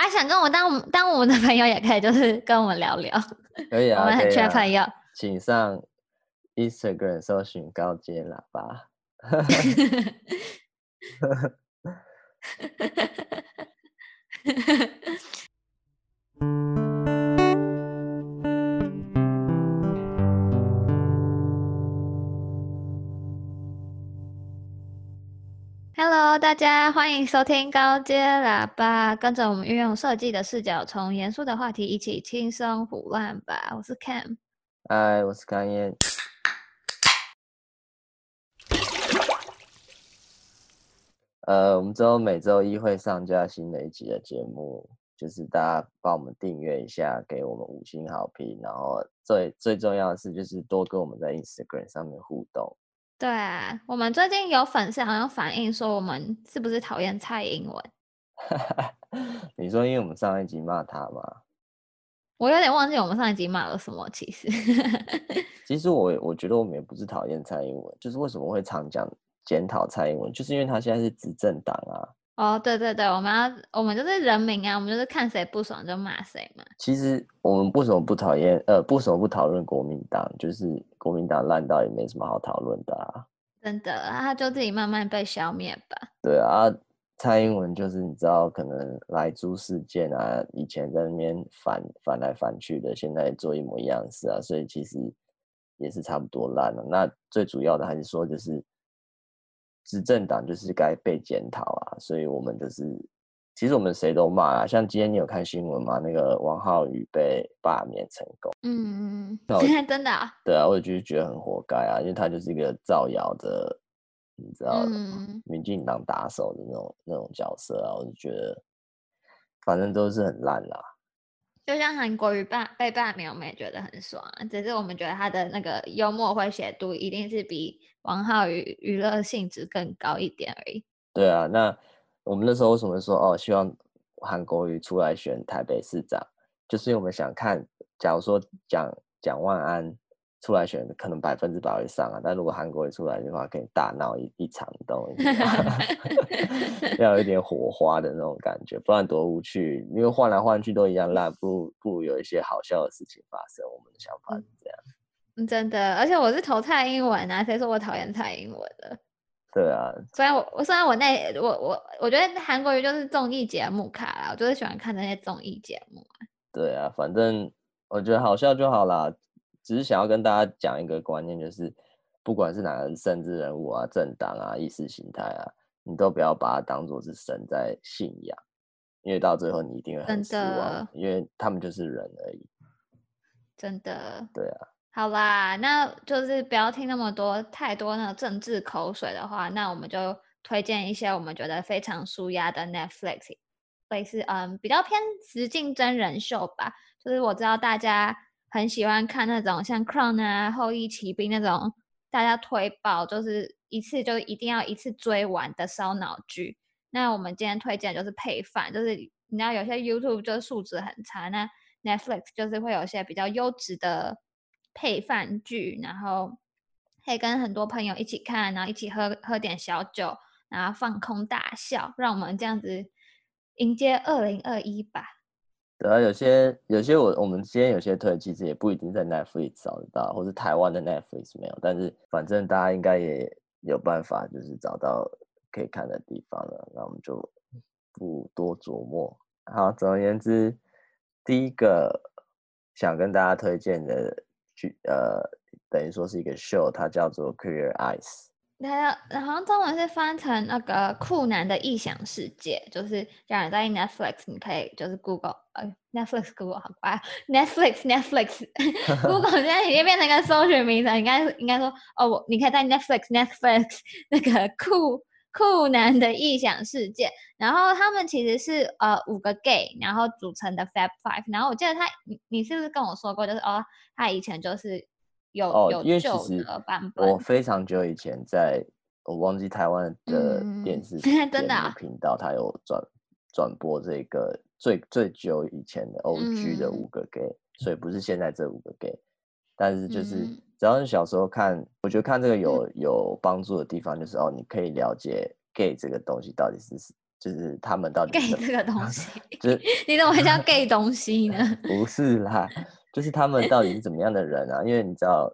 還想跟我當我們當我們的朋友也可以，就是跟我們聊聊，可以啊，我們很缺朋友，啊啊、請上 Instagram 搜尋“高階喇叭”。大家歡迎收聽高階喇叭，跟着我們運用設計的視角，從嚴肅的話題一起輕鬆唬爛吧。我是 Cam。嗨，我是甘燕。 呃，我們之每周一會上架新的一集的節目，就是大家幫我們訂閱一下，給我們五星好評，然後最最重要的是就是多跟我們在 Instagram 上面互動。對啊，我們最近有粉絲好像反映說，我們是不是討厭蔡英文？ 你說因為我們上一集罵他嗎？我有點忘記我們上一集罵了什麼。其實， 其實我我覺得我們也不是討厭蔡英文，就是為什麼會常講檢討蔡英文，就是因為他現在是執政黨啊。哦，oh, 對對對，我們要我們就是人民啊，我們就是看誰不爽就罵誰嘛。其實我們不怎麼不討厭，呃，不怎麼不討論國民黨，就是國民黨爛到也沒什麼好討論的啊。真的，啊，他就自己慢慢被消滅吧。對啊，蔡英文就是你知道，可能萊豬事件啊，以前在那邊反反來反去的，現在做一模一樣的事啊，所以其實也是差不多爛了，啊。那最主要的還是說就是。執政黨就是該被檢討啊，所以我們就是，其實我們誰都罵啊。像今天你有看新聞嗎？那個王浩宇被罷免成功，嗯嗯嗯，今天真的啊，對啊，我就覺得很活該啊，因為他就是一個造謠的，你知道的，嗯、民進黨打手的那種那種角色啊，我就覺得反正都是很爛啦、啊。就像韓國瑜被霸，被霸凌，我們也覺得很爽。只是我們覺得他的那個幽默詼諧度，一定是比王浩宇娛樂性質更高一點而已。對啊，那我們那時候為什麼說哦，希望韓國瑜出來選台北市長，就是因為我們想看，假如說蔣、蔣萬安。出來選可能百分之百會上啊，但如果韓國瑜出來的話，可以大鬧一一場，都 要有一點火花的那種感覺，不然多無趣。因為換來換去都一樣爛，不如不如有一些好笑的事情發生。我們的想法是這樣。嗯，真的，而且我是投蔡英文啊，誰說我討厭蔡英文了？對啊，雖然我，我雖然我那我我我覺得韓國瑜就是綜藝節目咖啦，我就是喜歡看那些綜藝節目啊。對啊，反正我覺得好笑就好啦。只是想要跟大家講一個觀念，就是不管是哪個政治人物啊、政黨啊、意識形態啊，你都不要把它當做是神在信仰，因為到最後你一定會很失望，的因為他們就是人而已。真的？對啊。好啦，那就是不要聽那麼多太多那個政治口水的話，那我們就推薦一些我們覺得非常舒壓的 Netflix，類似嗯比較偏實境真人秀吧，就是我知道大家。很喜歡看那種像《Crown》啊、《後翼棄兵》那種大家推爆，就是一次就一定要一次追完的燒腦劇。那我們今天推薦的就是配飯，就是你知道有些 YouTube 就素質很差，那 Netflix 就是會有一些比較優質的配飯劇，然後可以跟很多朋友一起看，然後一起喝喝點小酒，然後放空大笑，讓我們這樣子迎接二零二一吧。然後、啊、有些有些我我們今天有些推其實也不一定在 Netflix 找得到，或是台灣的 Netflix 沒有，但是反正大家應該也有辦法，就是找到可以看的地方了。那我們就不多琢磨。好，總而言之，第一個想跟大家推薦的劇，呃，等於說是一個 show，它叫做《Clear Eyes》。那然後中文是翻成那個酷男的異想世界，就是讓人在 Netflix，你可以就是 Google 呃、嗯、Netflix Google 好乖 Netflix Netflix, Netflix Google 現在已經變成一個搜尋名詞了，應該應該說哦，你可以在 Netflix Netflix 那個酷酷男的異想世界，然後他們其實是呃五個 gay 然後組成的 Fab Five，然後我記得他你你是不是跟我說過就是哦他以前就是。有哦，有，因為其實我非常久以前在，在我忘記台灣的電視頻、嗯啊、道它轉，他有轉轉播這個最最久以前的 OG 的五個 gay，所以不是現在這五個 gay，但是就是、嗯、只要你小時候看，我覺得看這個有有幫助的地方就是、嗯、哦，你可以了解 gay 這個東西到底是就是他們到底 gay 這個東西， 就是你怎麼會叫 gay 東西呢？ 不是啦。就是他們到底是怎麼樣的人啊？因為你知道，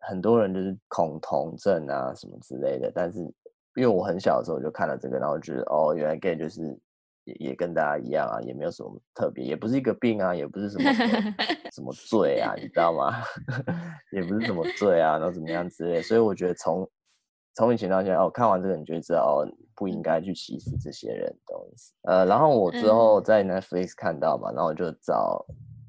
很多人就是恐同症啊什麼之類的。但是因為我很小的時候就看了這個，然後我覺得哦，原來 gay 就是也也跟大家一樣啊，也沒有什麼特別，也不是一個病啊，也不是什麼什麼罪啊，你知道嗎？ 也不是什麼罪啊，然後怎麼樣之類的。所以我覺得從從以前到現在，哦，看完這個你就知道哦，不應該去歧視這些人，懂我意思？呃，然後我之後在 Netflix 看到嘛，嗯、然後我就找。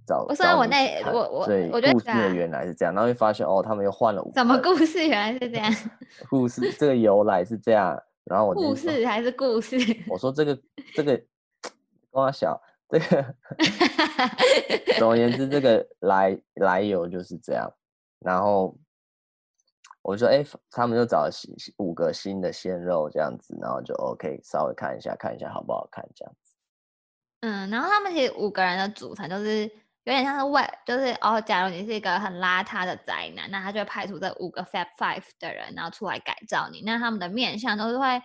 找我說我那我我我覺得原來是這樣，啊、然後發現哦，他們又換了五個。什麼故事原來是這樣？故事這個由來是這樣，然後我說故事還是故事。我說這個這個，哇小，小這個， 總而言之，這個來來由就是這樣。然後我就說哎、欸，他們又找了五個新的鮮肉這樣子，然後就 OK，稍微看一下看一下好不好看這樣子。嗯，然後他們其實五個人的組成就是。有點像是外，就是哦，假如你是一個很邋遢的宅男，那他就會派出這五個 Fab Five 的人，然後出來改造你。那他們的面相都是會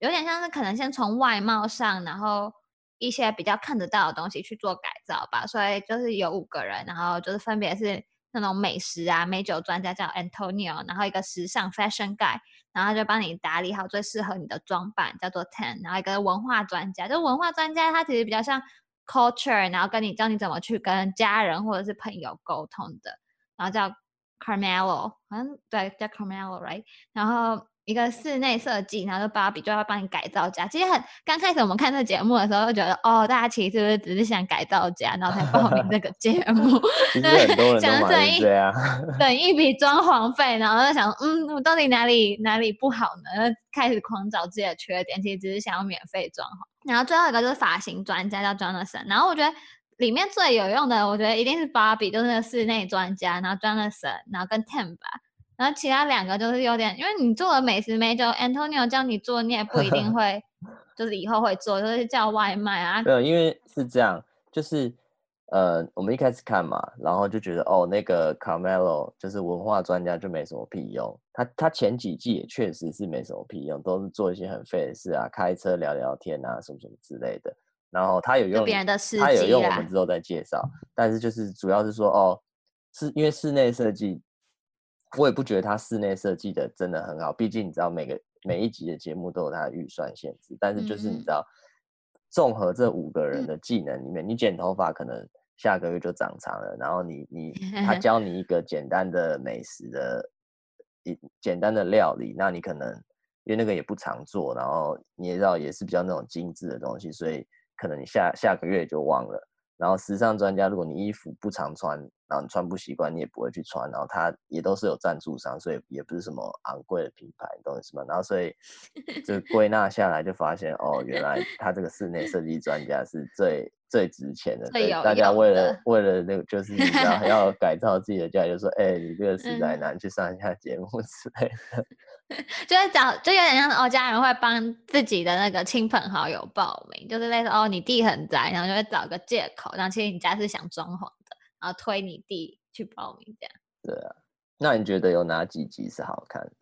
有點像是可能先從外貌上，然後一些比較看得到的東西去做改造吧。所以就是有五個人，然後就是分別是那種美食啊、美酒專家叫 Antonio，然後一個時尚 Fashion Guy，然後他就幫你打理好最適合你的裝扮，叫做 Tan，然後一個文化專家，就文化專家他其實比較像。Culture，然後跟你教你怎麼去跟家人或者是朋友溝通的，然後叫 Carmelo，好像對，叫 Carmelo，right？然後一個室內設計，然後就 Bobby 就要幫你改造家。其實很剛開始我們看這個節目的時候，就覺得哦，大家其實是不是只是想改造家， 然後才報名這個節目？對，想省一，省一筆裝潢費， 然後就想，嗯，我到底哪裡哪裡不好呢？開始狂找自己的缺點，其實只是想要免費裝潢。然後最後一個就是髮型專家叫 Jonathan，然後我覺得裡面最有用的，我覺得一定是芭比，那就是室內專家，然後 Jonathan，然後跟 Tim 吧，然後其他兩個就是有點，因為你做了美食沒做，Antonio 教你做。你也不一定會， 就是以後會做，就是叫外賣啊。對，因為是這樣，就是呃，我們一開始看嘛，然後就覺得哦，那個 Carmelo 就是文化專家就沒什麼屁用。他他前幾季也確實是沒什麼屁用，都是做一些很廢的事啊，開車聊聊天啊，什麼什麼之類的。然後他有用，他有用，我們之後再介紹。嗯、但是就是主要是說哦，是因為室內設計，我也不覺得他室內設計的真的很好。畢竟你知道每個每一集的節目都有它的預算限制。但是就是你知道，綜、嗯、合這五個人的技能裡面，嗯、你剪頭髮可能下個月就長長了。然後你你他教你一個簡單的美食的。 一簡單的料理，那你可能因為那個也不常做，然後你也知道也是比較那種精緻的東西，所以可能你下下個月就忘了。然後時尚專家，如果你衣服不常穿，然後你穿不習慣，你也不會去穿。然後他也都是有贊助商，所以也不是什麼昂貴的品牌，懂我意思嗎？然後所以就歸納下來，就發現哦，原來他這個室內設計專家是最。最值錢的，有有的大家為了為了那個，就是要改造自己的家，就是說，哎、 欸，你這個實在難，嗯、去上一下節目之類的。就會找，就有點像是哦，家人會幫自己的那個親朋好友報名，就是類似說哦，你弟很宅，然後就會找個借口，然後其實你家是想裝潢的，然後推你弟去報名這樣。對啊，那你覺得有哪幾集是好看的？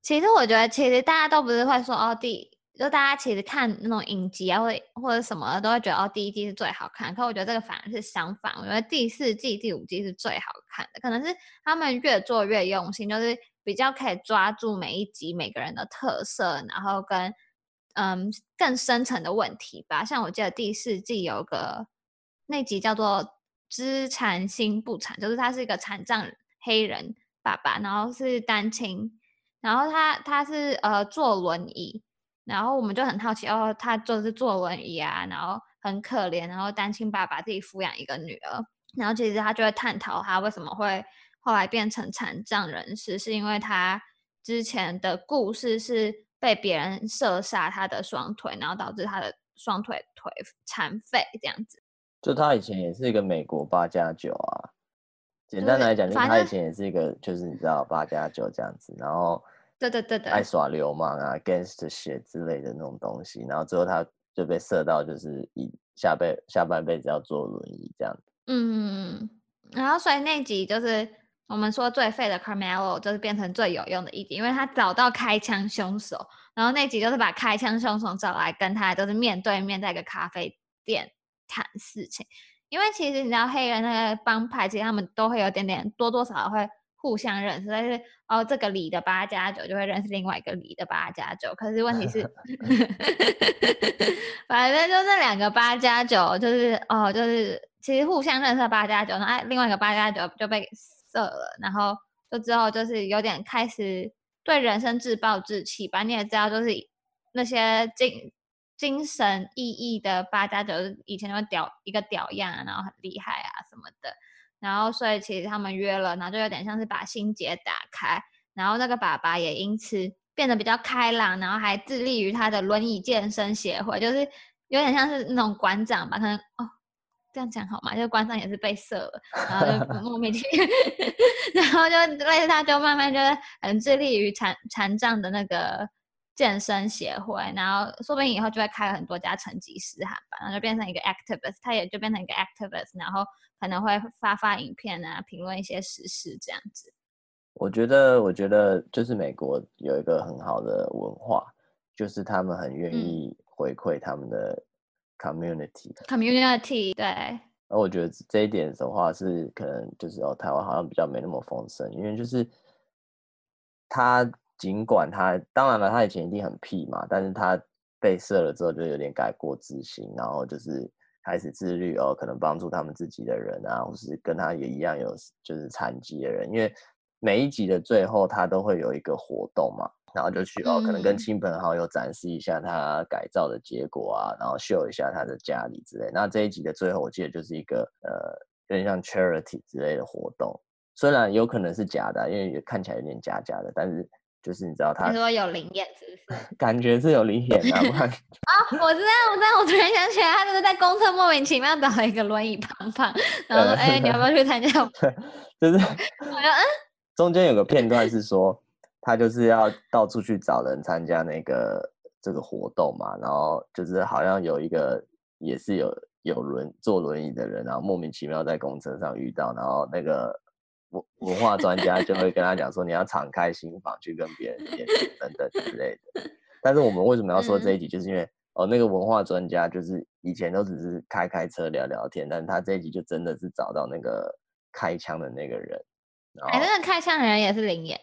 其實我覺得，其實大家都不是會說哦，弟。就大家其實看那種影集啊，或或者什麼，都會覺得哦，第一季是最好看。可我覺得這個反而是相反，我覺得第四季、第五季是最好看的。可能是他們越做越用心，就是比較可以抓住每一集每個人的特色，然後跟嗯更深層的問題吧。像我記得第四季有個那集叫做《肢殘心不殘》，就是他是一個殘障黑人爸爸，然後是單親，然後他他是呃坐輪椅。然後我們就很好奇，哦，他就是坐輪椅啊，然後很可憐，然後單親爸爸自己撫養一個女兒，然後其實他就會探討他為什麼會後來變成殘障人士，是因為他之前的故事是被別人射殺他的雙腿，然後導致他的雙腿腿殘廢這樣子。就他以前也是一個美國八加九啊，簡單來講，就是，反正他以前也是一個，就是你知道八加九這樣子，然後。對對對對愛耍流氓啊，g a n g s 血 之類的那種東西，然後最後他就被射到，就是一下輩下半輩子要坐輪椅這樣，嗯，然後所以那集就是我們說最廢的 Carmelo，就是變成最有用的一集，因為他找到開槍兇手，然後那集就是把開槍兇手找來跟他都是面對面在一個咖啡店談事情，因為其實你知道黑人那個幫派，其實他們都會有點點多多少少會。互相認識，但是哦，這個李的八加九就會認識另外一個李的八加九，可是問題是，反正 就那兩個八加九就是哦，就是其實互相認識八加九，那哎、啊、另外一個八加九就被射了，然後就之後就是有點開始對人生自暴自棄吧。你也知道，就是那些精精神奕奕的八加九，就是，以前那麼屌一個屌樣，然後很厲害啊什麼的。然後，所以其實他們約了，然後就有點像是把心結打開，然後那個爸爸也因此變得比較開朗，然後還致力於他的輪椅健身協會，就是有點像是那種館長吧。他哦，這樣講好嗎？就館長也是被射了，然後就莫名其妙， 然後就類似他就慢慢就是很致力於殘殘障的那個。健身協會，然後說不定以後就會開很多家成吉思汗，反正就變成一個 activist，他也就變成一個 activist，然後可能會發發影片啊，評論一些時事這樣子。我覺得，我覺得就是美國有一個很好的文化，就是他們很願意回饋他們的 community。嗯，community 對。那我覺得這一點的話，是可能就是哦，台灣好像比較沒那麼豐盛，因為就是他。儘管他，當然了，他以前一定很屁嘛，但是他被射了之後就有點改過自新，然後就是開始自律哦，可能幫助他們自己的人啊，或是跟他也一樣有就是殘疾的人，因為每一集的最後他都會有一個活動嘛，然後就去哦，可能跟親朋好友展示一下他改造的結果啊，然後秀一下他的家裡之類。那這一集的最後我記得就是一個呃有點像 charity 之類的活動，雖然有可能是假的啊，因為也看起來有點假假的，但是。就是你知道他，說有靈眼是不是？ 感覺是有靈眼啊！啊，我知道，我知道，我突然想起來，他就是在公車莫名其妙找了一個輪椅旁旁然後哎、 欸，你要不要去參加？ 就是我要嗯。中間有個片段是說，他就是要到處去找人參加那個這個活動嘛，然後就是好像有一個也是有有輪坐輪椅的人，然後莫名其妙在公車上遇到，然後那個。文文化專家就會跟他講說，你要敞開心房去跟別人接觸，等等之類的。但是我們為什麼要說這一集，就是因為哦，那個文化專家就是以前都只是開開車聊聊天，但他這一集就真的是找到那個開槍的那個人。哎，那個開槍的人也是林眼。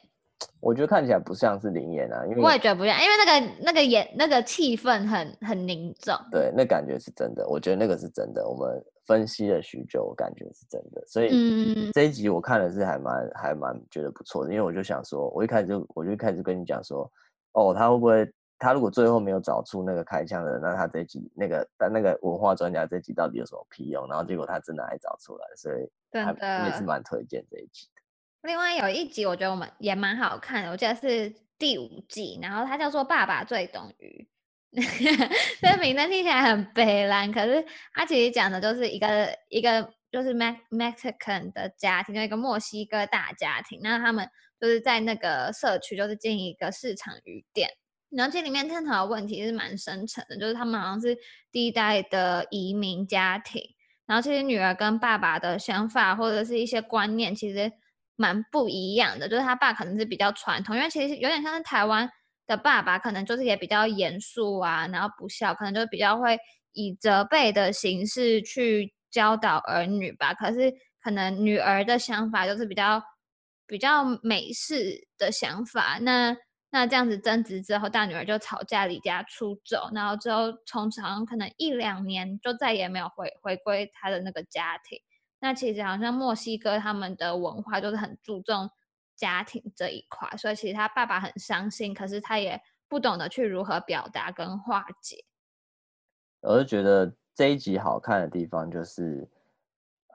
我覺得看起來不像是靈驗啊，因為我也覺得不像，因為那個那個演那個氣氛很很凝重，對，那感覺是真的，我覺得那個是真的，我們分析了許久，我感覺是真的，所以、嗯、這一集我看的是還蠻還蠻覺得不錯的，因為我就想說，我一開始就我就開始跟你講說，哦，他會不會他如果最後沒有找出那個開槍的人，那他這一集那個但那個文化專家這一集到底有什麼屁用？然後結果他真的還找出來，所以我的也是蠻推薦這一集。另外有一集我覺得我們也蠻好看的，我記得是第五集，然後它叫做《爸爸最懂魚》，這名字聽起來很悲傷，可是它其實講的就是一個一個就是 Mex Mexican 的家庭，就一個墨西哥大家庭，然後他們就是在那個社區就是經營一個市場魚店，然後這裡面探討的問題是蠻深層的，就是他們好像是第一代的移民家庭，然後其實女兒跟爸爸的想法或者是一些觀念，其實。蠻不一樣的，就是他爸可能是比較傳統，因為其實有點像是台灣的爸爸，可能就是也比較嚴肅啊，然後不笑，可能就比較會以責備的形式去教導兒女吧。可是可能女兒的想法就是比較比較美式的想法，那那這樣子爭執之後，大女兒就吵架離家出走，然後之後從此好像可能一兩年就再也沒有回回歸她的那個家庭。那其實好像墨西哥他們的文化都是很注重家庭這一塊，所以其實他爸爸很傷心，可是他也不懂得去如何表達跟化解。我就覺得這一集好看的地方就是，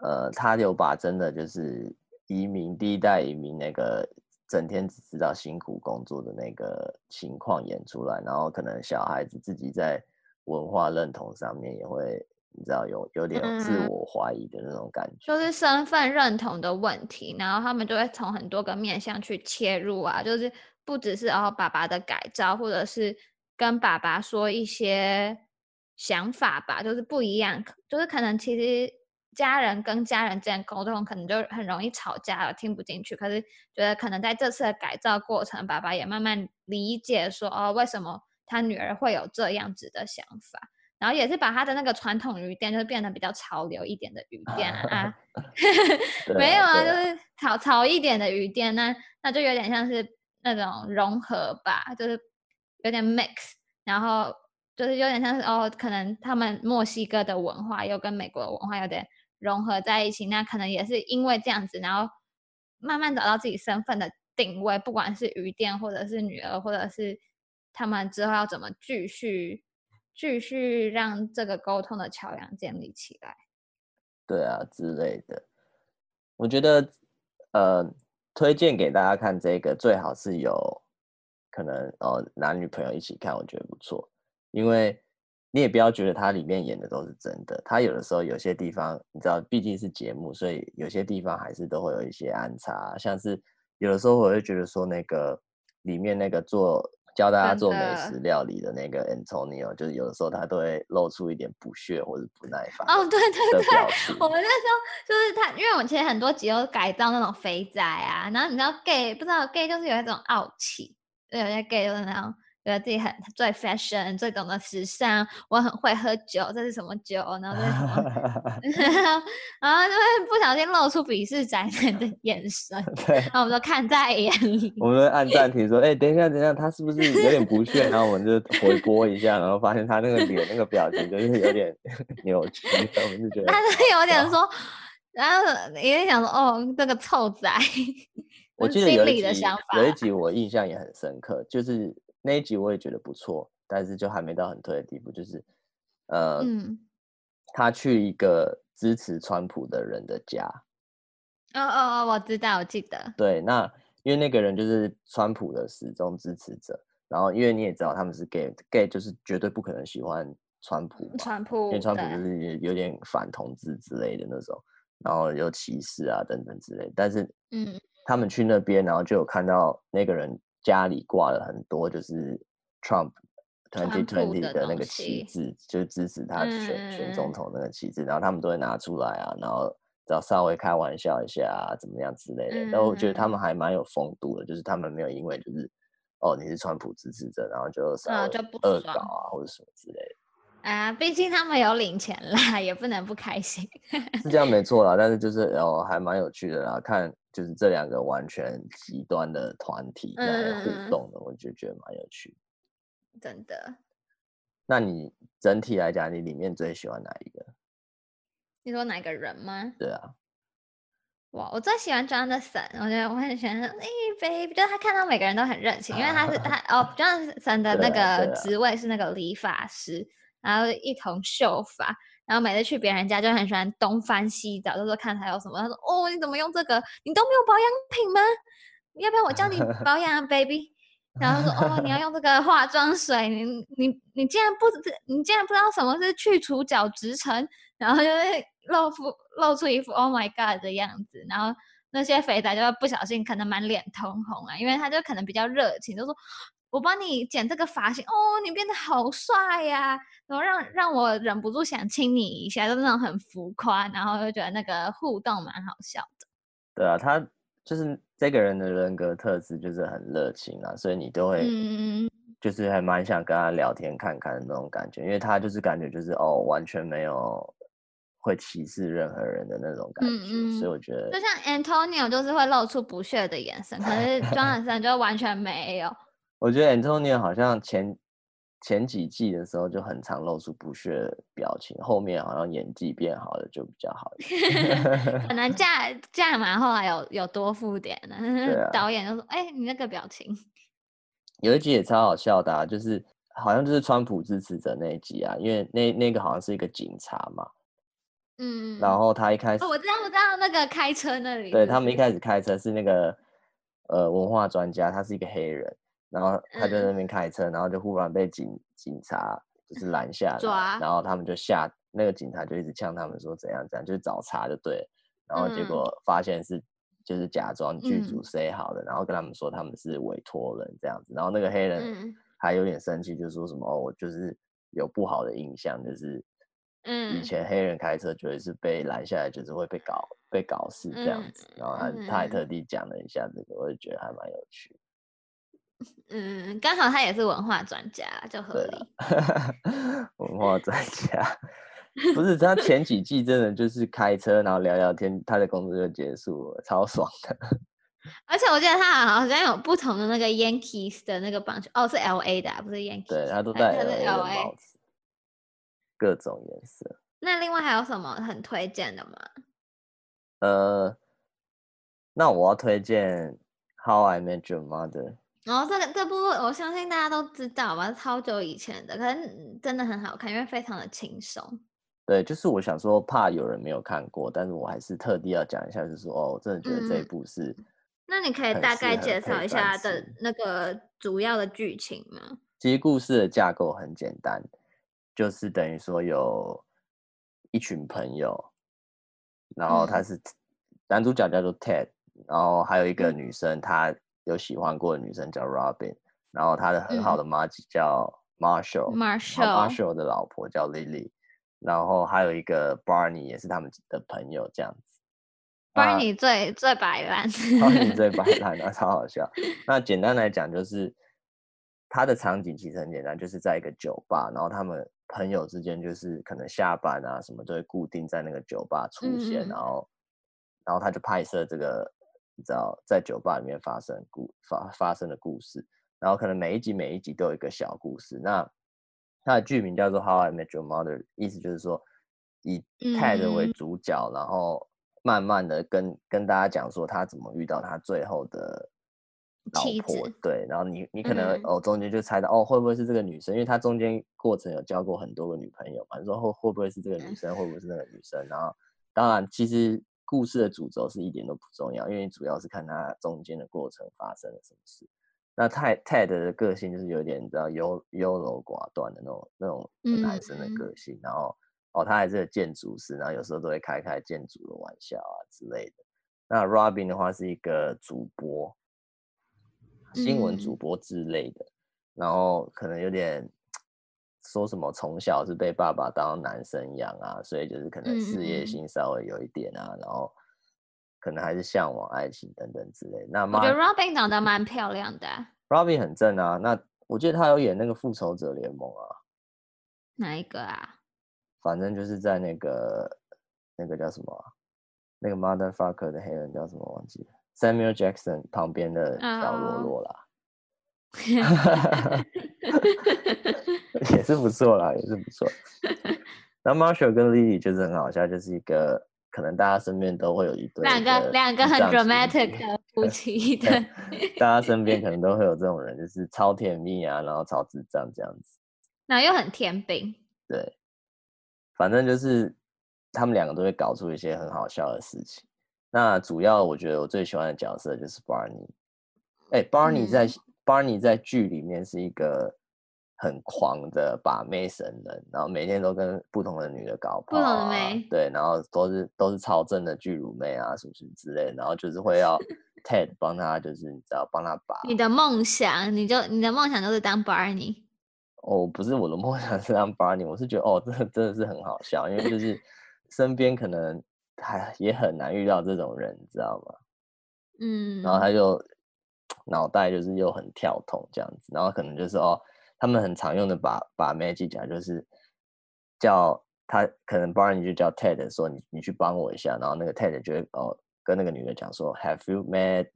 呃，他有把真的就是移民第一代移民那個整天只知道辛苦工作的那個情況演出來，然後可能小孩子自己在文化認同上面也會。你知道有有點有自我懷疑的那種感覺。嗯，就是身份認同的問題，然後他們就會從很多個面向去切入啊，就是不只是哦爸爸的改造，或者是跟爸爸說一些想法吧，就是不一樣，就是可能其實家人跟家人之間溝通可能就很容易吵架了，聽不進去，可是覺得可能在這次的改造過程，爸爸也慢慢理解說哦，為什麼他女兒會有這樣子的想法。然後也是把他的那個傳統魚店，就是變得比較潮流一點的魚店啊，啊，啊啊 沒有啊，啊啊就是潮潮一點的魚店，那那就有點像是那種融合吧，就是有點 mix，然後就是有點像是哦，可能他們墨西哥的文化又跟美國的文化有點融合在一起，那可能也是因為這樣子，然後慢慢找到自己身份的定位，不管是魚店或者是女兒，或者是他們之後要怎麼繼續。繼續讓這個溝通的橋樑建立起來，對啊之類的，我覺得呃，推薦給大家看這個最好是有可能哦，呃，男女朋友一起看，我覺得不錯，因為你也不要覺得它裡面演的都是真的，它有的時候有些地方你知道，畢竟是節目，所以有些地方還是都會有一些暗插，像是有的時候我會覺得說那個裡面那個做。教大家做美食料理的那個 Antonio，的就是有的時候他都會露出一點不屑，或者不耐煩。哦，對對對，情我們那時候就是他，因為我們其實很多集都改造那種肥仔啊，然後你知道 Gay 不知道 Gay 就是有一種傲氣，對，有些 Gay 就是那種。覺得自己很最 fashion 最懂得時尚，我很會喝酒，這是什麼酒？然後就什 然後就會不小心露出鄙視宅男的眼神。對然後我們都看在眼裡。我們按暫停說，哎、欸，等一下，等一下，他是不是有點不屑？ 然後我們就回鍋一下，然後發現他那個臉那個表情就是有點扭曲， 然後我們就覺得他是有點說，哇然後有點想說，哦，這、那個臭仔」。我記得有 的想法。有一集我印象也很深刻，就是。那一集我也覺得不錯，但是就還沒到很推的地步，就是，呃、嗯，他去一個支持川普的人的家。哦哦哦，我知道，我記得。對，那因為那個人就是川普的死忠支持者，然後因為你也知道他們是 gay，gay 就是絕對不可能喜歡川普，川普，因為川普就是有點反同志之類的那種，對然後有歧視啊等等之類，但是，嗯，他們去那邊，然後就有看到那個人，家裡掛了很多就是 Trump twenty twenty 的那個旗幟，就支持他選嗯嗯、選總統那個旗幟，然後他們都會拿出來啊，然後只要稍微開玩笑一下啊，怎麼樣之類的。然後、嗯嗯、我覺得他們還蠻有風度的，就是他們沒有因為就是哦，你是川普支持者，然後就惡搞啊嗯嗯、或者什麼之類的。啊，畢竟他們有領錢啦，也不能不開心。 是這樣沒錯啦，但是就是哦，還蠻有趣的啦，看就是這兩個完全極端的團體的互動的，嗯、我就覺得蠻有趣。真的？那你整體來講，你裡面最喜歡哪一個？你說哪個人嗎？對啊。哇，我最喜歡 Jonathan，我覺得我很喜歡，哎、欸、，baby，就是他看到每個人都很熱情， 因為他是他哦，Jonathan 的那個職位是那個理髮師。 然後一頭秀髮，然後每次去別人家就很喜歡東翻西找，就是看他有什麼。他說：“哦，你怎麼用這個？你都沒有保養品嗎？要不要我教你保養、啊、 ，baby？” 然後說：“哦，你要用這個化妝水，你你你竟然不知，你竟然不知道什麼是去除角質層。”然後就會露出露出一副 “oh my god” 的樣子，然後那些肥仔就會不小心可能滿臉通紅啊，因為他就可能比較熱情，就說。我幫你剪這個髮型哦，你變得好帥呀！然後讓讓我忍不住想親你一下，就那種很浮誇，然後又覺得那個互動蠻好笑的。對啊，他就是這個人的人格特質就是很熱情啊，所以你都會，嗯嗯嗯，就是還蠻想跟他聊天看看的那種感覺，嗯嗯因為他就是感覺就是哦完全沒有會歧視任何人的那種感覺，嗯嗯所以我覺得就像 Antonio 就是會露出不屑的眼神，可是 Jonathan 就完全沒有。 我覺得 Antonio 好像前前幾季的時候就很常露出不屑的表情，後面好像演技變好了就比較好一點。 可能嫁嫁嘛，後來有有多富點的、啊、導演就說：“哎、欸，你那個表情。”有一集也超好笑的、啊，就是好像就是川普支持者那一集啊，因為那那個好像是一個警察嘛，嗯，然後他一開始、哦，我知道，我知道那個開車那裡是不是，對他們一開始開車是那個呃文化專家，他是一個黑人。然後他就在那邊開車，嗯、然後就忽然被警警察就是攔下來，抓然後他們就嚇那個警察就一直嗆他們說怎樣怎樣，就是找茬就對，然後結果發現是就是假裝劇組塞、嗯、好的，然後跟他們說他們是委托人這樣子，然後那個黑人還有點生氣，就說什麼、嗯哦、我就是有不好的印象，就是嗯以前黑人開車覺得是被攔下來就是會被搞被搞事這樣子，然後他他還特地講了一下這個，我也覺得還蠻有趣。嗯，剛好他也是文化專家，就合理、對啊、呵呵，文化專家不是他前幾季真的就是開車，然後聊聊天，他的工作就結束了，超爽的。而且我覺得他好像有不同的那個 Yankees 的那個棒球，哦，是 L A 的、啊，不是 Yankees。對他都戴。L A 的帽子，各種顏色。那另外還有什麼很推薦的嗎？呃，那我要推薦 How I Met Your Mother。然後、哦，這個這部我相信大家都知道吧，超久以前的，可是真的很好看，因為非常的輕鬆。對，就是我想說，怕有人沒有看過，但是我還是特地要講一下，就是說，哦，我真的覺得這一部是分、嗯。那你可以大概介紹一下的那個主要的劇情嗎？其實故事的架構很簡單，就是等於說有一群朋友，然後他是男主角叫做 Ted，然後還有一個女生他、嗯，他。有喜歡過的女生叫 Robin，然後他的很好的麻吉叫 Marshall，Marshall、嗯、的老婆叫 Lily，Marshall. 然後還有一個 Barney 也是他們的朋友這樣子。Barney、啊、最最擺爛，Barney 最擺爛、啊，那超好笑。那簡單來講就是他的場景其實很簡單，就是在一個酒吧，然後他們朋友之間就是可能下班啊什麼都會固定在那個酒吧出現，嗯嗯然後然後他就拍攝這個。你知道在酒吧裡面發生故發發生的故事，然後可能每一集每一集都有一個小故事。那它的劇名叫做《How I Met Your Mother》，意思就是說以泰德為主角，嗯、然後慢慢的跟跟大家講說他怎麼遇到他最後的老婆。子對，然後你你可能哦中間就猜到、嗯、哦會不會是這個女生，因為他中間過程有交過很多個女朋友嘛，你、就是、說會會不會是這個女生，會不會是那個女生？然後當然其實。故事的主軸是一點都不重要，因為你主要是看他中間的過程發生了什麼事。那 Ted 的個性就是有點你知道優優柔寡斷的那種那種男生的個性，嗯、然後哦他還是個建築師，然後有時候都會開開建築的玩笑啊之類的。那 Robin 的話是一個主播，新聞主播之類的，然後可能有點。說什麼從小是被爸爸當男生養啊，所以就是可能事業心稍微有一點啊，嗯嗯，然後可能還是嚮往愛情等等之類。那、Mar、我覺得 Robin 長得蠻漂亮的，Robin 很正啊。那我記得他有演那個《復仇者聯盟》啊，哪一個啊？反正就是在那個那個叫什麼、啊，那個 motherfucker 的黑人叫什麼我忘記了，Samuel Jackson 旁邊的小羅羅啦。Uh 也是不錯啦，也是不錯。 那 Marshall 跟 Lily 就是很好笑，就是一個可能大家身邊都會有一對兩個兩個很 dramatic 奇的夫妻的。對，大家身邊可能都會有這種人，就是超甜蜜啊，然後超智障這樣子。那又很甜餅。對，反正就是他們兩個都會搞出一些很好笑的事情。那主要我覺得我最喜歡的角色就是 Barney。哎，Barney 在。嗯 Barney 在劇裡面是一個很狂的把妹神人，然後每天都跟不同的女的搞、啊，不同的妹，對，然後都是都是超正的巨乳妹啊，什麼什麼之類的，然後就是會要 Ted 幫他，就是 你知道幫他把你的夢想，你就你的夢想就是當 Barney，哦、oh, 不是我的夢想是當 Barney，我是覺得哦，這、oh, 真的，真的是很好笑，因為就是身邊可能還也很難遇到這種人，你知道嗎？嗯，然後他就。腦袋就是又很跳痛這樣子，然後可能就是哦，他們很常用的把把 magic 講就是叫他，可能 Barney 就叫 Ted 說，你你去幫我一下，然後那個 Ted 就會哦跟那個女的講說 Have you met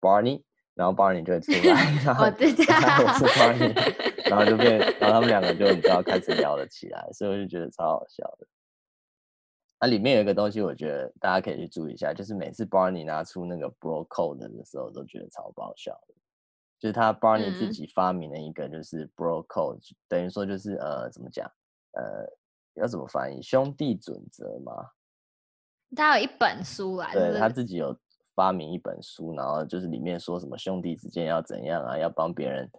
Barney？然後 Barney 就會出來，然後我，哎，我是 Barney，然後就變然後他們兩個就你知道開始聊了起來，所以我就覺得超好笑的。那、啊、裡面有一個東西，我覺得大家可以去注意一下，就是每次 Barney 拿出那個 Bro Code 的時候，都覺得超爆笑的。就是他 Barney 自己發明了一個，就是 Bro Code，、嗯、等於說就是呃，怎麼講？呃，要怎麼翻譯？兄弟準則嗎？他有一本書來、啊，對的他自己有發明一本書，然後就是裡面說什麼兄弟之間要怎樣啊，要幫別人。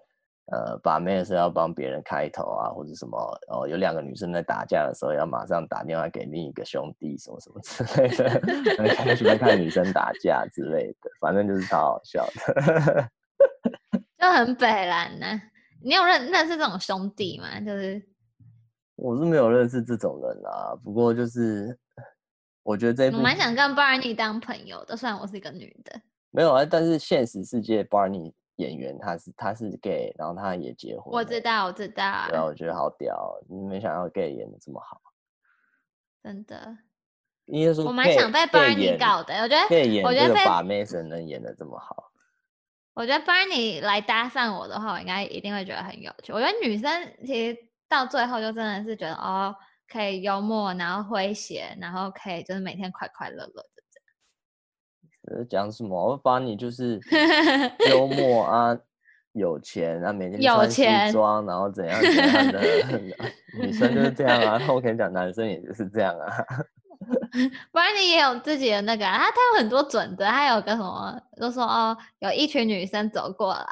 呃，把男，是要幫別人開頭啊，或者什麼哦，有兩個女生在打架的時候，要馬上打電話給另一個兄弟什麼什麼之類的。我 喜歡看女生打架之類的，反正就是超好笑的。 就很北人呢，啊，你有認那是這種兄弟嗎？就是，我是沒有認識這種人啊，不過就是，我覺得這一部我蠻想跟 Barney 當朋友的，雖然我是一個女的。沒有啊，但是現實世界 Barney。演員他是他是 gay，然後他也結婚。我知道，我知道。然後、啊、我覺得好屌，你沒想到 gay 演的這麼好，真的。應該說，我蠻想被 Barney 搞的。演我覺得，我覺得把妹神能演的這麼好，我覺得 Barney 來搭訕我的話，我應該一定會覺得很有趣。我覺得女生其實到最後就真的是覺得哦，可以幽默，然後詼諧，然後可以就是每天快快樂樂。呃，講什麼？我把你就是幽默啊， 有錢啊，每天穿西裝，有錢，然後怎樣怎樣的 女生就是這樣啊。 我跟你講，男生也就是這樣啊。 不然你也有自己的那個、啊，他他有很多準則，他有個什麼，就說哦，有一群女生走過來。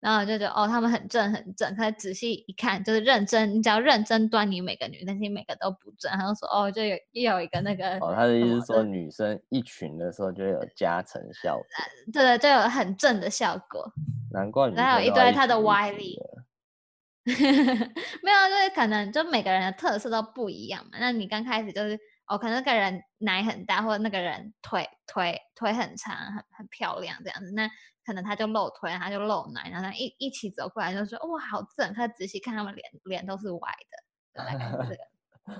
然後就覺得哦，他們很正很正，可仔細一看，就是認真。你只要認真端你每個女生，你每個都不正。然後說哦，就有又有一個那個哦，他的意思說女生一群的時候就有加成效果，對對，就有很正的效果。難怪，然後有一堆他的歪理，一群一群 沒有，就是可能就每個人的特色都不一樣嘛。那你剛開始就是哦，可能那個人奶很大，或者那個人腿腿腿很長，很很漂亮這樣子，那。可能他就露腿，他就露奶，然後他一一起走過來就說：“哇，好正！”他仔細看他們臉，臉都是歪的。來看這個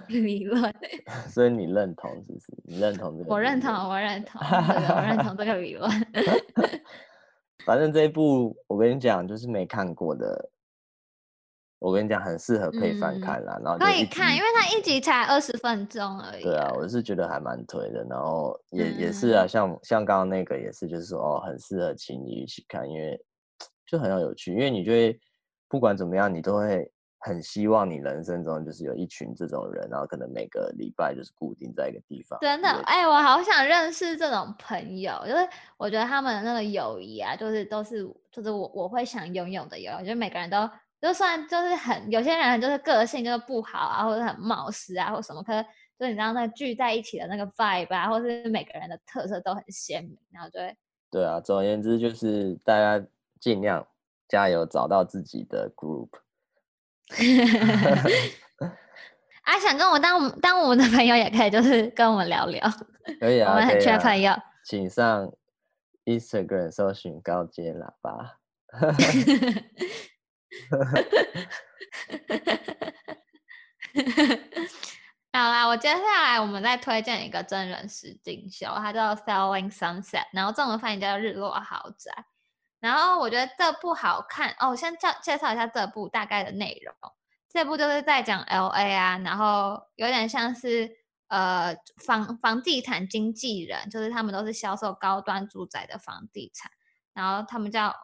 理論，所以你認同，是不是？你認同這個？我認同，我認同，我認同這個理論。 反正這一部，我跟你講，就是沒看過的。我跟你講，很適合配飯翻看啦，嗯、然後可以看，因為它一集才二十分鐘而已，啊。對啊，我是覺得還蠻推的，然後也、嗯、也是啊，像像剛剛那個也是，就是說哦，很適合情侶一起看，因為就很有有趣，因為你就會不管怎麼樣，你都會很希望你人生中就是有一群這種人，然後可能每個禮拜就是固定在一個地方。真的，哎吧、欸，我好想認識這種朋友，就是我覺得他們的那個友誼啊，就是都是就是我我會想擁有的友誼，我覺得每個人都。就算就是很有些人就是個性就是不好啊，或者很冒失啊，或什麼，可是就是你知道那聚在一起的那個 vibe 啊，或是每個人的特色都很鮮明，然後就會。對啊，總而言之就是大家儘量加油，找到自己的 group。 啊，想跟我當當我們的朋友也可以，就是跟我們聊聊。可以啊，我們很缺朋友，啊、請上 Instagram 搜尋“高階喇叭。” 呵呵呵呵呵呵呵呵呵呵， 好啦，我接下來我們再推薦一個真人實境秀，它叫 Selling Sunset，然後中文翻譯叫日落豪宅。然後我覺得這部好看哦，我先介介紹一下這部大概的內容。這部就是在講 LA 啊，然後有點像是呃房房地產經紀人，就是他們都是銷售高端住宅的房地產，然後他們叫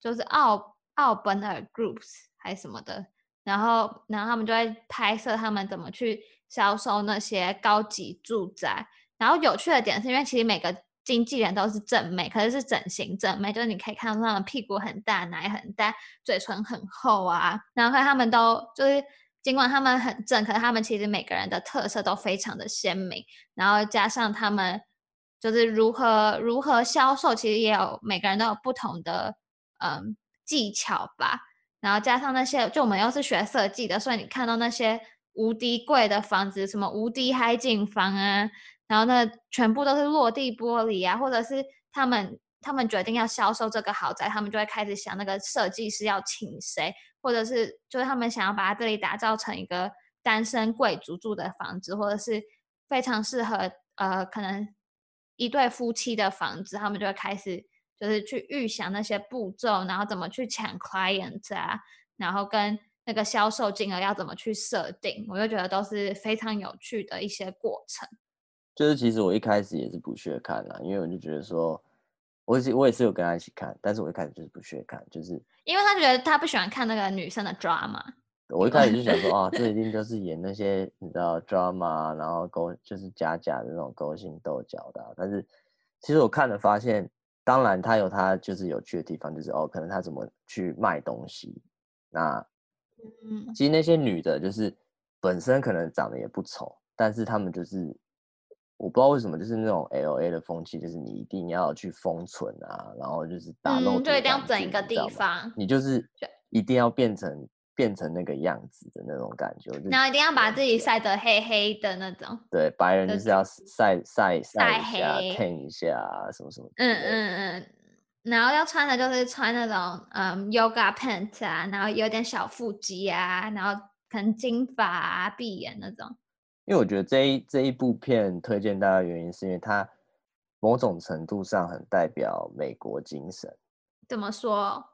就是澳。奧本爾 groups 還什麼的，然後，然後他們就會拍攝他們怎麼去銷售那些高級住宅。然後有趣的點是因為其實每個經紀人都是正妹，可是是整形正妹，就是你可以看到他們屁股很大，奶很大，嘴唇很厚啊。然後他們都就是，儘管他們很正，可是他們其實每個人的特色都非常的鮮明。然後加上他們就是如何如何銷售，其實也有每個人都有不同的，嗯。技巧吧，然後加上那些，就我們又是學設計的，所以你看到那些無敵貴的房子，什麼無敵海景房啊，然後那全部都是落地玻璃啊，或者是他們他們決定要銷售這個豪宅，他們就會開始想那個設計師要請誰，或者是就是他們想要把它這裡打造成一個單身貴族住的房子，或者是非常適合呃可能一對夫妻的房子，他們就會開始。就是去預想那些步驟，然後怎麼去搶 client 啊，然後跟那個銷售金額要怎麼去設定，我就覺得都是非常有趣的一些過程。就是其實我一開始也是不屑看啦，因為我就覺得說，我也是我也是有跟他一起看，但是我一開始就是不屑看，就是因為他覺得他不喜歡看那個女生的 drama。我一開始就想說， 啊，這一定就是演那些你知道 drama，然後勾就是假假的那種勾心鬥角的，但是其實我看了發現。當然，她有她就是有趣的地方，就是哦，可能她怎麼去賣東西。那，嗯，其實那些女的，就是本身可能長得也不醜，但是她們就是我不知道為什麼，就是那種 LA 的風氣，就是你一定要去封存啊，然後就是打弄、嗯，就一定要整一個地方，你，你就是一定要變成。變成那個樣子的那種感覺，然後一定要把自己曬得黑黑的那種。對，白人就是要曬曬曬黑 t a 一下，什麼什麼嗯。嗯嗯嗯，然後要穿的就是穿那種嗯 yoga pant 啊，然後有點小腹肌啊，然後可能金髮啊、碧眼那種。因為我覺得這一這一部片推薦大家的原因，是因為它某種程度上很代表美國精神。怎麼說？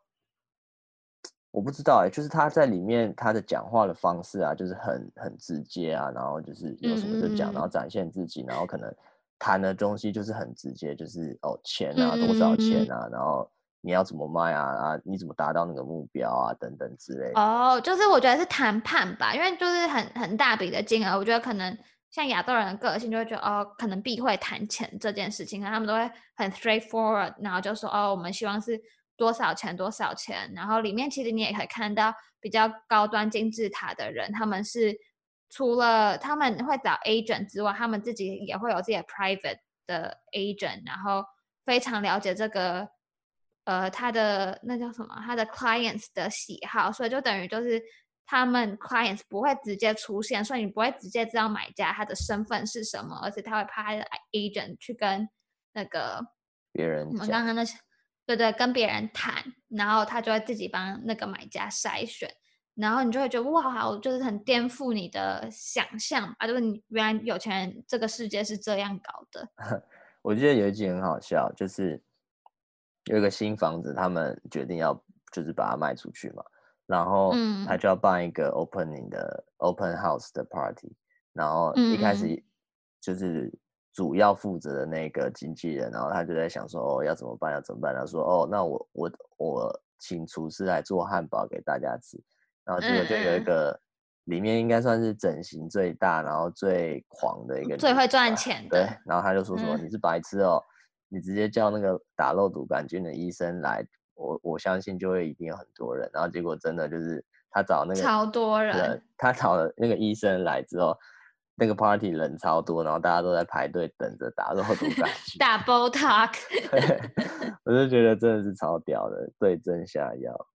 我不知道哎、欸，就是他在裡面他的講話的方式啊，就是很很直接啊，然後就是有什麼就講，嗯嗯，然後展現自己，然後可能談的東西就是很直接，就是哦錢啊，多少錢啊，嗯嗯，然後你要怎麼賣啊啊，你怎麼達到那個目標啊等等之類的。哦，oh, 就是我覺得是談判吧，因為就是很很大筆的金額，我覺得可能像亞洲人的個性就會覺得哦，可能避諱談錢這件事情啊，然後他們都會很 straightforward，然後就說哦，我們希望是。多少錢？多少錢？然後裡面其實你也可以看到比較高端金字塔的人，他們是除了他們會找 agent 之外，他們自己也會有自己的 private 的 agent，然後非常了解這個，呃，他的那叫什麼？他的 clients 的喜好，所以就等於就是他們 clients 不會直接出現，所以你不會直接知道買家他的身份是什麼，而且他會派 agent 去跟那個別人。我們剛剛那些。對對，跟別人談，然後他就會自己幫那個買家篩選，然後你就會覺得哇，好，就是很顛覆你的想象啊，就是你原來有錢人這個世界是這樣搞的。我記得有一集很好笑，就是有一個新房子，他們決定要就是把它賣出去嘛，然後他就要辦一個 opening 的、嗯、open house 的 party，然後一開始就是。主要負責的那個經紀人，然後他就在想說，哦，要怎麼辦？要怎麼辦？他說，哦，那我我我請廚師來做漢堡給大家吃。然後結果就有一個、嗯嗯、裡面應該算是整形最大，然後最狂的一個，最會賺錢的。對，然後他就說什麼：“嗯、你是白痴哦、喔，你直接叫那個打肉毒桿菌的醫生來，我我相信就會一定有很多人。”然後結果真的就是他找那個超多人、嗯，他找了那個醫生來之後。那個 party 人超多，然後大家都在排隊等着打，然後賭單。Double talk， 我就覺得真的是超屌的，對症下藥。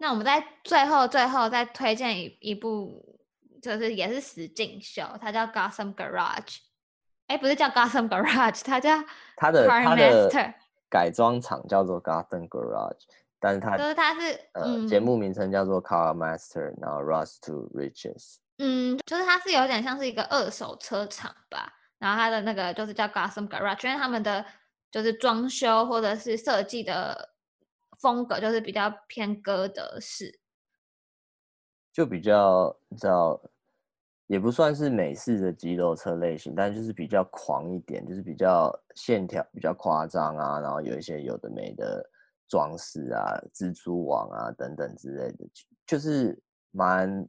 那我們在最後最後再推薦一一部，就是也是實境秀，它叫 Gotham Garage，哎，不是叫 Gotham Garage，它叫它的它的改裝廠叫做 Gotham Garage，但是它就是它是呃、嗯、節目名稱叫做 Car Master，然後 Rust to Riches。嗯，就是它是有點像是一個二手車廠吧，然後它的那個就是叫 Gotham Garage，因為他們的就是裝修或者是設計的風格就是比較偏哥德式，就比較，你知道，也不算是美式的肌肉車類型，但就是比較狂一點，就是比較線條比較誇張啊，然後有一些有的沒的裝飾啊、蜘蛛網啊等等之類的，就是蠻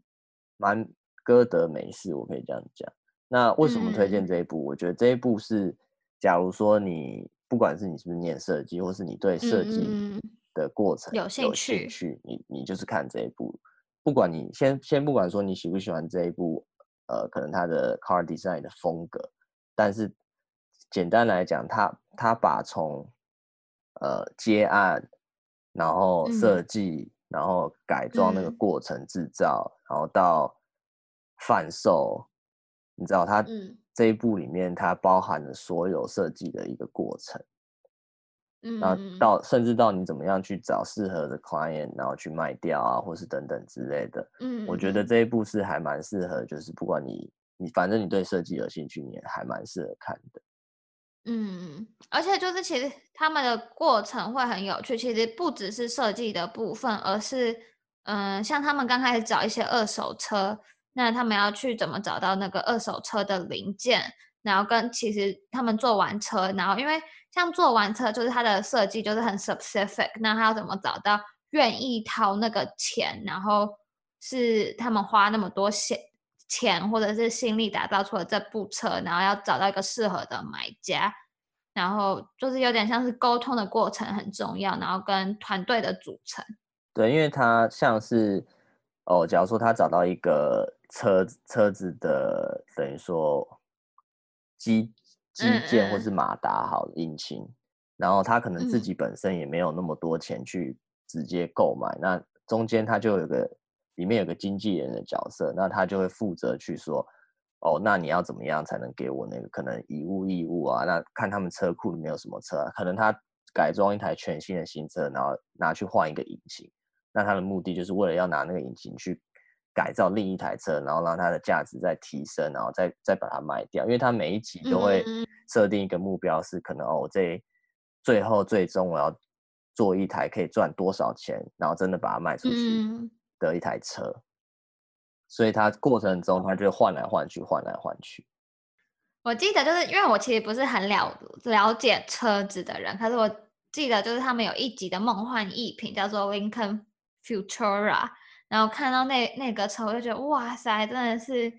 蠻。歌德美式我可以這樣講。那為什麼推薦這一部？嗯、我覺得這一部是，假如說你不管是你是不是念設計，或是你對設計的過程有興趣，嗯、興趣你你就是看這一部。不管你先先不管說你喜不喜歡這一部，呃，可能他的 car design 的風格，但是簡單來講，他他把從呃接案，然後設計，嗯、然後改裝那個過程製造，嗯、然後到販售，你知道它這一部裡面它包含了所有設計的一個過程，嗯，然後到甚至到你怎麼樣去找適合的 client，然後去賣掉啊，或是等等之類的，嗯，我覺得這一部是還蠻適合，就是不管你你反正你對設計有興趣，你也還蠻適合看的，嗯，而且就是其實他們的過程會很有趣，其實不只是設計的部分，而是嗯，像他們剛開始找一些二手車。那他們要去怎麼找到那個二手車的零件，然後跟其實他們做完車，然後因為像做完車就是他的設計就是很 specific，那他要怎麼找到願意掏那個錢，然後是他們花那麼多錢錢或者是心力打造出了這部車，然後要找到一個適合的買家，然後就是有點像是溝通的過程很重要，然後跟團隊的組成。對，因為他像是，哦，假如說他找到一個。車車子的等於說機機件，或是馬達好的引擎，嗯、然後他可能自己本身也沒有那麼多錢去直接購買，嗯、那中間他就有個裡面有個經紀人的角色，那他就會負責去說，哦，那你要怎麼樣才能給我那個可能以物易物啊？那看他們車庫裡面有什麼車，啊，可能他改裝一台全新的新車，然後拿去換一個引擎，那他的目的就是為了要拿那個引擎去改造另一台車，然後讓它的價值再提升，然後再再把它賣掉。因為他每一集都會設定一個目標，是可能、嗯哦、我這最後最終我要做一台可以賺多少錢，然後真的把它賣出去的一台車。嗯、所以他過程中他就換來換去，換來換去。我記得就是因為我其實不是很了了解車子的人，可是我記得就是他們有一集的夢幻逸品叫做 Lincoln Futura。然後看到那那個車，我就覺得哇塞，真的是，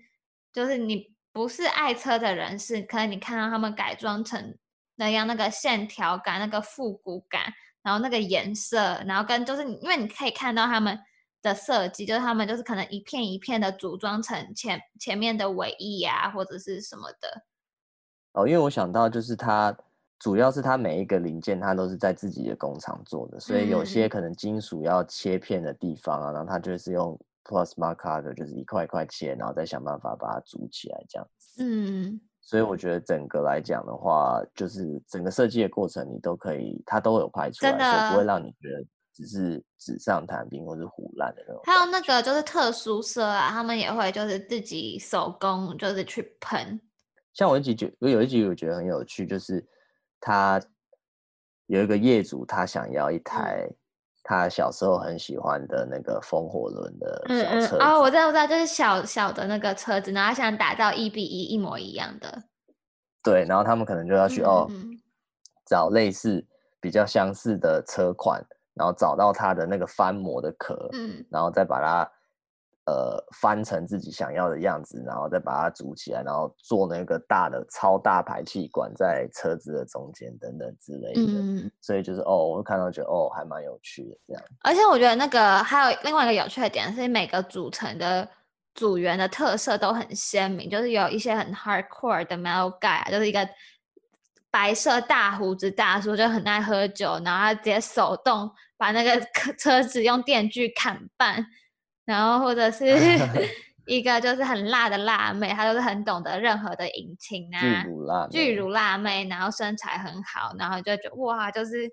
就是你不是愛車的人士，可能你看到他們改裝成那樣，那個線條感、那個復古感，然後那個顏色，然後跟就是因為你可以看到他們的設計，就是他們就是可能一片一片的組裝成前前面的尾翼呀、啊，或者是什麼的。哦，因為我想到就是它。主要是它每一個零件，它都是在自己的工廠做的，所以有些可能金屬要切片的地方啊，嗯、然後它就是用 plasma cutter 就是一塊一塊切，然後再想辦法把它組起來這樣子。嗯，所以我覺得整個來講的話，就是整個設計的過程你都可以，它都有拍出來，的所以不會讓你覺得只是紙上談兵或者是胡亂的那種。還有那個就是特殊色啊，他們也會就是自己手工就是去噴。像我一集覺，有一集我覺得很有趣，就是。他有一個業主，他想要一台他小時候很喜歡的那個風火輪的小車，嗯嗯。哦，我知道，我知道，就是小小的那個車子，然後想打造一比一，一模一樣的。對，然後他們可能就要去，嗯嗯嗯，哦，找類似比較相似的車款，然後找到它的那個翻模的殼，嗯，然後再把它。呃，翻成自己想要的樣子，然後再把它組起來，然後做那個大的超大排氣管在車子的中間等等之類的。嗯，所以就是哦，我就看到覺得哦，還蠻有趣的這樣。而且我覺得那個還有另外一個有趣的點是，每個組成的組員的特色都很鮮明，就是有一些很 hardcore 的 male guy 啊，就是一個白色大鬍子大叔，就很愛喝酒，然後他直接手動把那個車子用電鋸砍半。然後或者是一個就是很辣的辣妹，她就 是很懂得任何的引擎啊，巨乳辣妹，巨乳辣妹，然後身材很好，然後就覺得哇，就是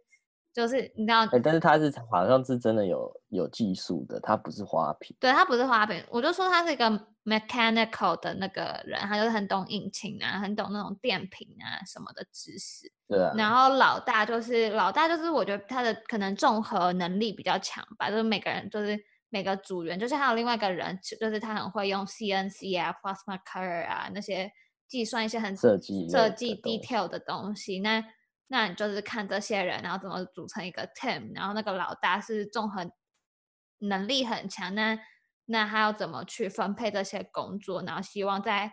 就是你知道，哎、欸，但是她是好像是真的有有技術的，她不是花瓶，對她不是花瓶，我就說她是一個 mechanical 的那個人，她就是很懂引擎啊，很懂那種電瓶啊什麼的知識，對、啊。然後老大就是老大就是我覺得他的可能綜合能力比較強吧，就是每個人就是。每個組員就是還有另外一個人，就是他很會用 CNC 啊、Plasma Cut 啊，那些計算一些很設計設計，設計 detail 的東西。那那你就是看這些人，然後怎麼組成一個 team，然後那個老大是綜合能力很強，那那他要怎麼去分配這些工作，然後希望在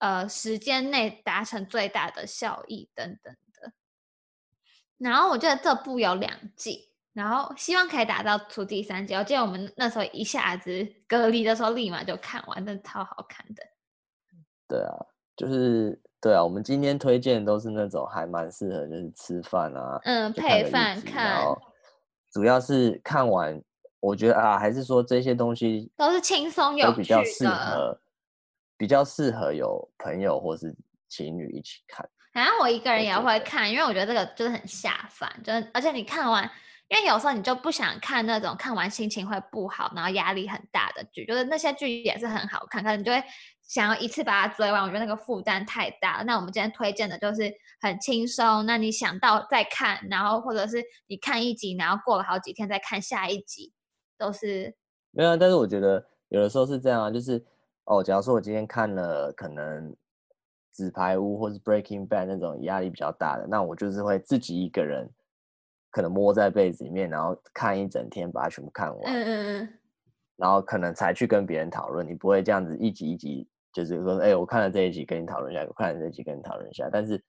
呃時間內達成最大的效益等等的。然後我覺得這部有兩季。然後希望可以打造出第三集。我記得我們那時候一下子隔離的時候，立馬就看完，真的超好看的。對啊，就是對啊。我們今天推薦都是那種還蠻適合，就是吃飯啊，嗯，配飯看。然後主要是看完，我覺得啊，還是說這些東西都，都是輕鬆有趣的，比較適合，比較適合有朋友或是情侶一起看。反正、啊、我一個人也會看，因為我覺得這個真的很下飯，真、就是、而且你看完。因為有時候你就不想看那種看完心情會不好，然後壓力很大的劇，就是那些劇也是很好看，可能就會想要一次把它追完。我覺得那個負擔太大了。那我們今天推薦的就是很輕鬆，那你想到再看，然後或者是你看一集，然後過了好幾天再看下一集，都是沒有啊。但是我覺得有的時候是這樣啊，就是哦，假如說我今天看了可能《紙牌屋》或是《Breaking Bad》那種壓力比較大的，那我就是會自己一個人。可能摸在被子裡面，然後看一整天把它全部看完，嗯嗯嗯，然後可能才去跟別人討論。你不會這樣子一集一集，就是說，哎、欸，我看了這一集，跟你討論一下；我看了這一集，跟你討論一下。但是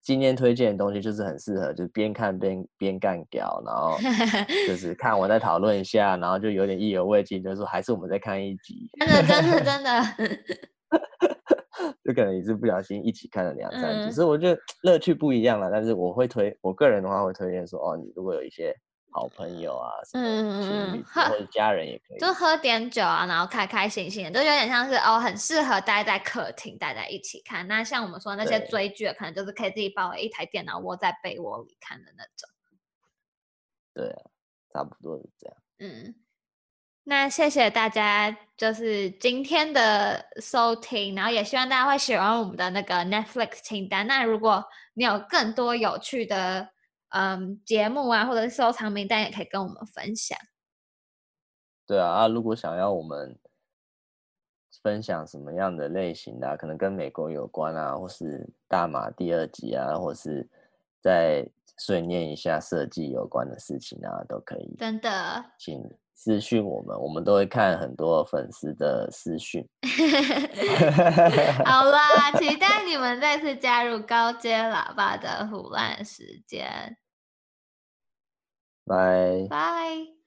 今天推薦的東西就是很適合，就是邊看邊邊幹掉，然後就是看完再討論一下， 然後就有點意猶未盡，就是說還是我們再看一集。真的，真的，真的。 就可能一直不小心一起看了兩三集，只是我覺得樂趣不一樣了。但是我會推，我個人的話會推薦說，哦，你如果有一些好朋友啊，嗯嗯喝或者家人也可以，就喝點酒啊，然後開開心心的，就有點像是哦，很適合待在客廳待在一起看。那像我們說那些追劇的，可能就是可以自己抱一台電腦窩在被窩裡看的那種。對啊，差不多是這樣。嗯。那謝謝大家，就是今天的收聽，然後也希望大家會喜歡我們的那個 Netflix 清單。那如果你有更多有趣的，嗯，節目啊，或者是收藏名單，也可以跟我們分享。對啊，啊，如果想要我們分享什麼樣的類型的啊，可能跟美國有關啊，或是大馬第二集啊，或是再順念一下設計有關的事情啊，都可以。真的，請。私訊我們，我們都會看很多粉絲的私訊。好啦，期待你們再次加入高階喇叭的胡亂時間。拜拜 Bye。